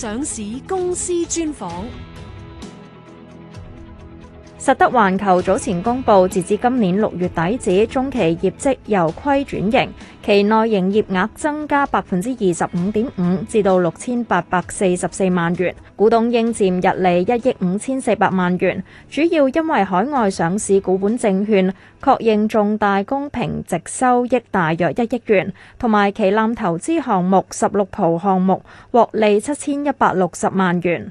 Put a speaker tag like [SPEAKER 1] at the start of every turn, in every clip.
[SPEAKER 1] 上市公司專訪，實德環球早前公布，截至今年六月底止，中期業績由虧轉盈。期內營業額增加百分之二十五點五，至到六千八百四十四萬元，股東應占溢利一億五千四百萬元，主要因為海外上市股本證券確認重大公平值收益大約一億元，同埋旗艦投資項目十六浦項目獲利七千一百六十萬元。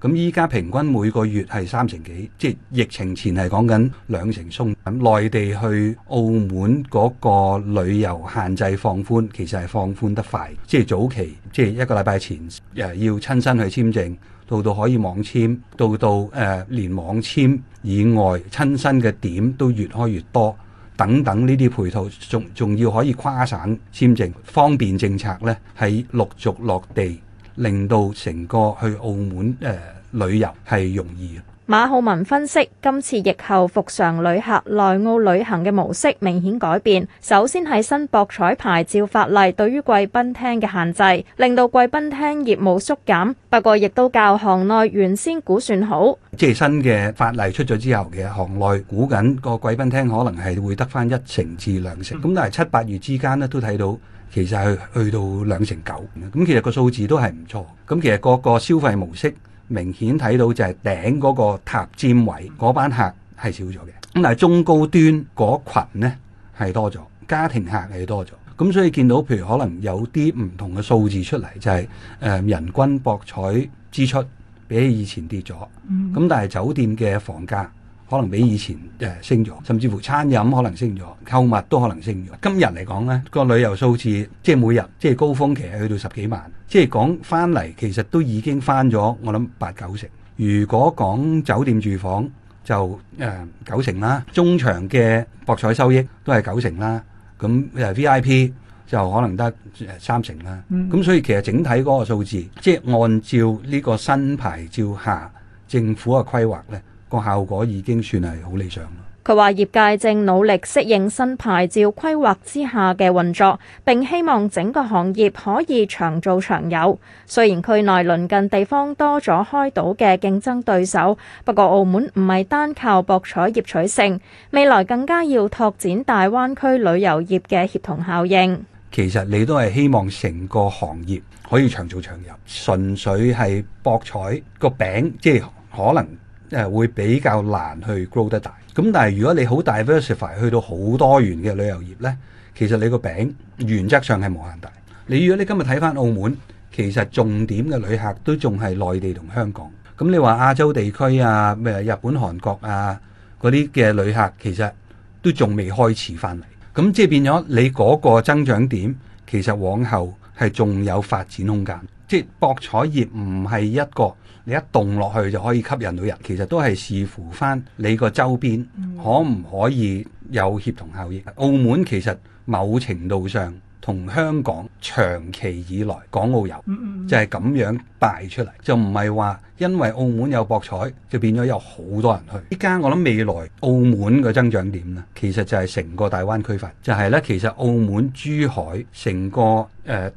[SPEAKER 2] 咁依家平均每個月係三成幾，即係疫情前係講緊兩成鬆。咁內地去澳門嗰個旅遊限制放寬，其實係放寬得快。即係早期，即係一個禮拜前誒要親身去簽證，到到可以網簽，到到誒連網簽以外親身嘅點都越開越多，等等呢啲配套，仲仲要可以跨省簽證，方便政策呢係陸續落地。令到成個去澳門誒旅遊係容易。
[SPEAKER 1] 馬浩文分析，今次疫後復常旅客內澳旅行嘅模式明顯改變。首先係新博彩牌照法例對於貴賓廳嘅限制，令到貴賓廳業務縮減。不過亦都較行內原先估算好。
[SPEAKER 2] 即係新嘅法例出咗之後嘅行內估緊個貴賓廳可能係會得返一成至兩成。咁但係七八月之間呢都睇到。其實去去到兩成九，咁其實個數字都係唔錯。咁其實個個消費模式明顯睇到就係頂嗰個塔尖位嗰班客係少咗嘅，咁但係中高端嗰羣呢係多咗，家庭客係多咗。咁所以見到譬如可能有啲唔同嘅數字出嚟，就係誒人均博彩支出比起以前跌咗，咁但係酒店嘅房價。可能比以前誒升咗，甚至乎餐飲可能升咗，購物都可能升咗。今日嚟講呢、呢個旅遊數字即係每日即係高峰期係去到十幾萬，即係講翻嚟其實都已經翻咗，我諗八九成。如果講酒店住房就誒、呃、九成啦，中場嘅博彩收益都係九成啦。咁誒 V I P 就可能得三成啦。咁、嗯、所以其實整體嗰個數字，即係按照呢個新牌照下政府嘅規劃呢。個效果已經算係好理想。
[SPEAKER 1] 佢話：業界正努力適應新牌照規劃之下嘅運作，並希望整個行業可以長做長有。雖然區內鄰近地方多咗開島嘅競爭對手，不過澳門唔係單靠博彩業取勝，未來更加要拓展大灣區旅遊業嘅協同效應。
[SPEAKER 2] 其實你都係希望成個行業可以長做長有，純粹係博彩個餅，即係可能。誒會比較難去 grow 得大，咁但係如果你好大 v e r s i l e 去到好多元嘅旅遊業呢，其實你個餅原則上係無限大。你如果你今日睇翻澳門，其實重點嘅旅客都仲係內地同香港。咁你話亞洲地區啊，咩日本、韓國啊嗰啲嘅旅客，其實都仲未開始翻嚟。咁即係變咗你嗰個增長點，其實往後係仲有發展空間。博彩業唔係一個你一動落去就可以吸引到人，其實都係視乎翻你個周邊可唔可以有協同效應。澳門其實某程度上，同香港長期以來港澳遊就係咁樣擺出嚟，就唔係話因為澳門有博彩就變咗有好多人去。依家我諗未來澳門嘅增長點咧，其實就係成個大灣區化，就係呢。其實澳門、珠海成個誒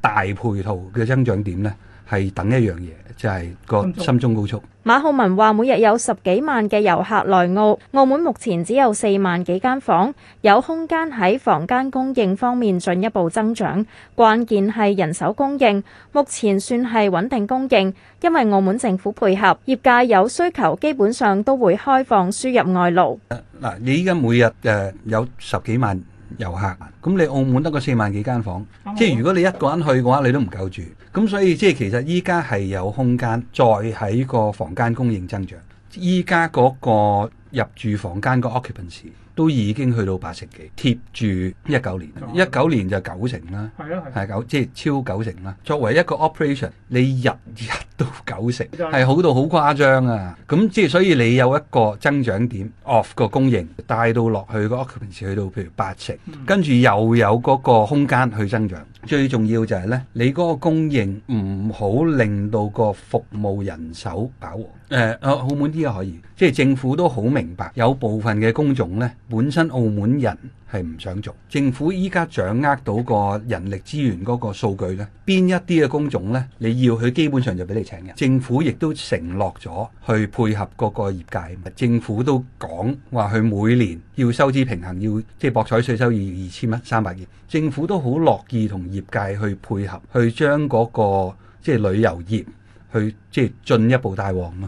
[SPEAKER 2] 大配套嘅增長點咧。係等一樣嘢，就係個深中高速。
[SPEAKER 1] 馬浩文話：每日有十幾萬嘅遊客來澳，澳門目前只有四萬幾間房，有空間喺房間供應方面進一步增長。關鍵係人手供應，目前算係穩定供應，因為澳門政府配合業界有需求，基本上都會開放輸入外勞。
[SPEAKER 2] 嗱，你依家每日誒有十幾萬。遊客，咁你澳門得個四萬幾間房，好好即係如果你一個人去嘅話，你都唔夠住，咁所以即係其實依家係有空間再喺個房間供應增長，依家嗰個入住房間個 occupancy 都已經去到八成幾，貼住一九年，一九、啊、年就九成啦，係九，即係超九成啦。作為一個 operation，你日日都九成，係是好到好誇張啊！咁即係所以你有一個增長點，off 個供應帶到落去個 occupancy 去到譬如八成，跟住、嗯、又有嗰個空間去增長。最重要就係咧，你嗰個供應唔好令到個服務人手飽和。誒、uh, 啊，澳門啲嘅可以，即係政府都好明白，有部分嘅工種咧，本身澳門人，係唔想做，政府依家掌握到個人力資源嗰個數據咧，邊一啲嘅工種呢，你要佢基本上就俾你請人。政府亦都承諾咗去配合嗰個業界，政府都講話佢每年要收支平衡，要即係博彩稅收二千蚊三百億。政府都好樂意同業界去配合，去將嗰、那個即係、就是、旅遊業去即係、就是、進一步帶旺咯。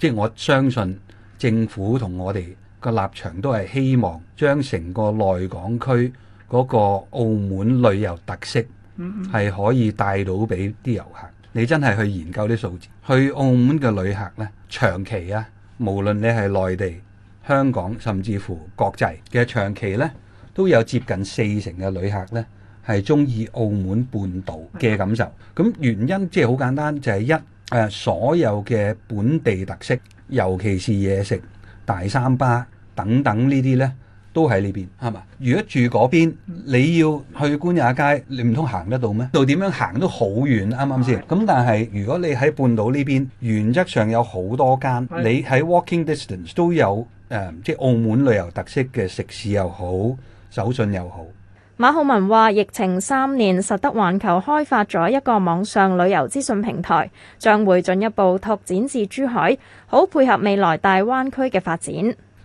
[SPEAKER 2] 即係我相信政府同我哋個立場都係希望將成個內港區嗰個，澳門旅遊特色係可以帶到俾啲遊客。你真係去研究啲數字，去澳門嘅旅客咧，長期啊，無論你係內地、香港，甚至乎國際嘅長期咧，都有接近四成嘅旅客咧，係中意澳門半島嘅感受。咁原因即係好簡單，就係一。誒、uh, 所有嘅本地特色，尤其是嘢食、大三巴等等呢啲呢，都喺呢邊。係嘛？如果住嗰邊，你要去官也街，你唔通行得到咩？到點樣行都好遠啱啱先？咁的但係如果你喺半島呢邊，原則上有好多間，的你喺 walking distance 都有誒、呃，即澳門旅遊特色嘅食肆又好，手信又好。
[SPEAKER 1] 馬浩文話：疫情三年，實德環球開發咗一個網上旅遊資訊平台，將會進一步拓展至珠海，好配合未來大灣區嘅發展。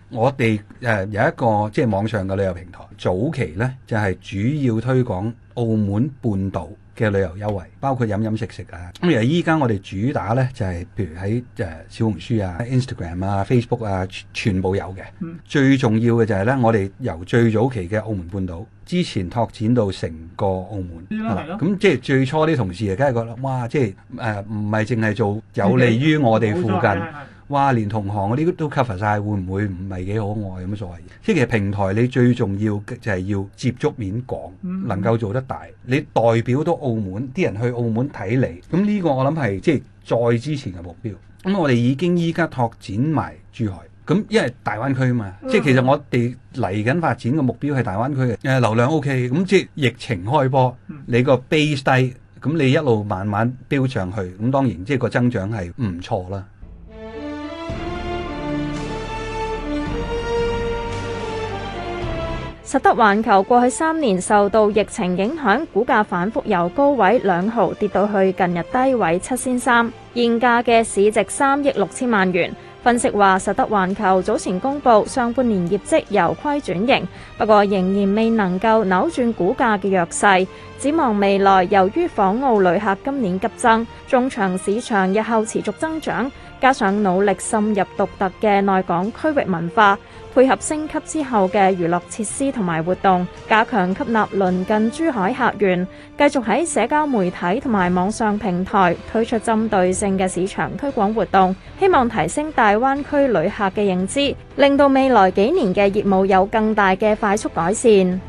[SPEAKER 2] 我哋誒有一個即係、就是、網上嘅旅遊平台，早期咧就係、是、主要推廣澳門半島，嘅旅遊優惠，包括飲飲食食啊。咁而家依家我哋主打呢，就係、是，譬如喺小紅書啊、Instagram 啊、Facebook 啊，全部有嘅。嗯、最重要嘅就係呢，我哋由最早期嘅澳門半島，之前拓展到成個澳門。咁、嗯、即係最初啲同事啊，梗係覺得，哇！即係唔係淨係做有利於我哋附近。哇！連同行嗰啲都 cover 晒，會唔會唔係幾可愛？有乜所謂？即係其實平台你最重要嘅就係要接觸面廣，能夠做得大，你代表到澳門啲人去澳門睇你。咁呢個我諗係即係再之前嘅目標。咁我哋已經依家拓展埋珠海，咁因為大灣區啊嘛，嗯、即係其實我哋嚟緊發展嘅目標係大灣區嘅。誒流量 OK，咁即係疫情開波，嗯、你個 base 低，咁你一路慢慢飆上去，咁當然即係個增長係唔錯啦。
[SPEAKER 1] 實德環球過去三年受到疫情影響，股價反覆由高位兩毫跌到去近日低位七千三，現價的市值三億六千萬元。分析話實德環球早前公布上半年業績由虧轉型，不過仍然未能夠扭轉股價的弱勢。展望未來由於訪澳旅客今年急增，中場市場日後持續增長，加上努力滲入獨特的內港區域文化。配合升級之後嘅娛樂設施同埋活動，加強吸納鄰近珠海客源，繼續喺社交媒體同埋網上平台推出針對性嘅市場推廣活動，希望提升大灣區旅客嘅認知，令到未來幾年嘅業務有更大嘅快速改善。